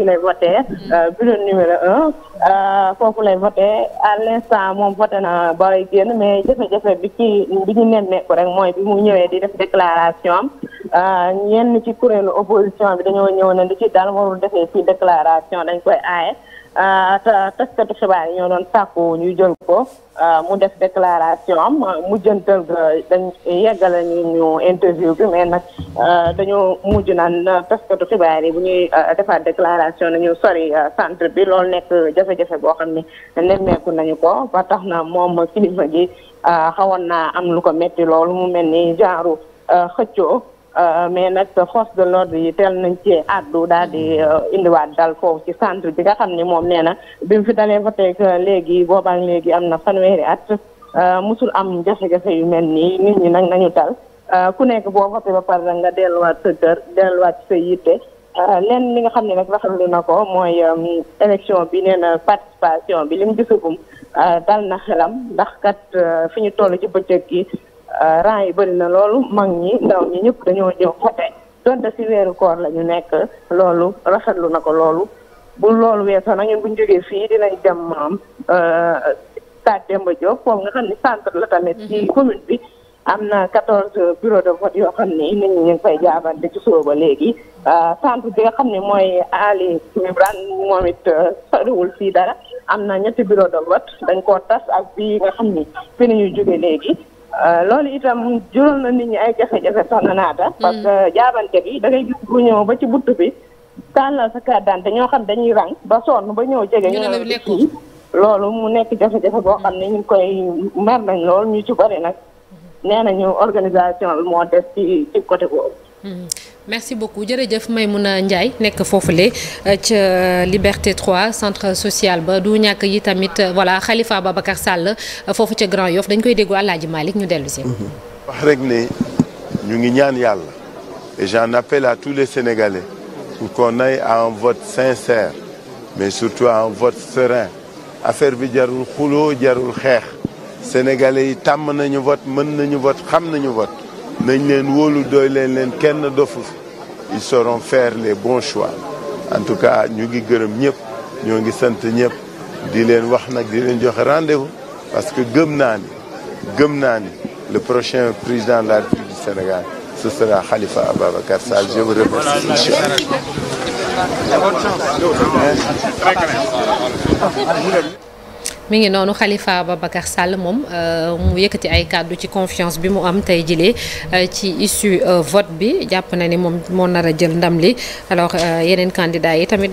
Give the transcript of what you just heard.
ki lay voté mm-hmm. euh, bureau numéro un euh, foofu lay voté à l'instant moom voté na bay génn mais jafe-jafe bi ci bi ñu nemmeeku rek mooy bi mu ñëwee di def déclaration am euh, ñenn ci kuréelu opposition bi dañoo ñëw ne lu ci daal warul defee ci déclaration dañ koy aaye Euh, taskatu xibaar yi ñoo doon sàkku ñu jël ko euh, mu def déclaration am mu jëntal ga dañ yeggale ñu ñu interview bi mais nag euh, dañoo mujj na taskatu xibaar yi bu ñuy defaat déclaration nañu sori centre bi loolu nekk jafe-jafe boo xam ne nemmeeku nañu ko ba tax na moom kilifa gi xawoon naa am lu ko metti loolu mu mel ni genre xëccoo Euh, mais nag force de l'ordre yi teel nañ ci àddu daal di euh, indiwaat dal foofu ci centre bi nga xam ni moom nee na bi mu fi dalee fa teg euh, léegi boobaak léegi am na fanweeri at musul am jafe-jafe yu mel nii nit ñi nag nañu tal ku nekk boo voté ba pare nga delluwaat sa kër delluwaat sa yitte lenn li nga xam ne nag rafetlu na ko mooy élection bi nee na participation bi li mu gisagum dal na xelam ndax kat fi ñu toll ci bëccëg gi Euh, rang yi bëri na loolu mag ñi ndaw ñi ñëpp dañoo ñëw xote donte si weeru koor la ñu nekk loolu rafetlu na ko loolu bu loolu weesoo nag ñun bu ñu jógee fii dinañ dem maam euh, stade Demba Diop foofu nga xam ne centre la tamit ci mhm. commune bi am na quatorze bureau de vote yoo xam ni nit ñu ngi koy jaabante ci suba ba léegi euh, centre bi nga xam ni mooy Ali Imran moom it soriwul fii dara am na ñetti bureau de vote dañ koo tas ak bii nga xam ni fi ñu jóge léegi Euh, loolu itam jural na nit ñi ay jafe-jafe soxna naata. Mm. parce que jaabante bi da ngay gis bu ñëw ba ci buntu bi. tàllal sa carte ñoo xam dañuy rang ba sonn ba ñëw jege. ñu ne loolu mu nekk jafe-jafe boo xam ne ñu ngi koy mer nañ lool ñu ci bari nag. Mm-hmm. nee nañu organisation bi moo des ci ci côté boobu. Mm-hmm. merci beaucoup jërëjëf a Ndiaye nekk foofu foofule euh, ca Liberté 3 centre social ba du ñàkk yi tamit euh, voilà ba Babacar Sall euh, foofu ca Grand Yoff dañ koy déggu Alaaji Malick ñu dellu si. Mhm. wax rek ne ñu ngi ñaan yàlla et j'en appelle à tous les Sénégalais pour qu'on aille à un vote sincère mais surtout à un vote serein affaire bi jarul xuloo jarul xeex sénégalais yi tàmm nañu vote mën nañu vote xam nañu vote. nañ leen wóolu doy leen leen kenn dofu ils sauront faire les bon choix en tout cas ñu ngi gërëm ñëpp ñoo ngi sant ñëpp di leen wax nag di leen joxe rendez-vous parce que gëm naa ni gëm naa ni le prochain président de la République du Sénégal ce sera Khalifa Ababacar Sall je vous remercie inchallah mi ngi noonu ba Ababacar sàll moom euh, mu yëkkati ay kàddu ci confiance bi mu am tey jilee euh, ci issue euh, vote bi jàpp na ni moom moo nar a jël ndam li alors yeneen candidat yi tamit.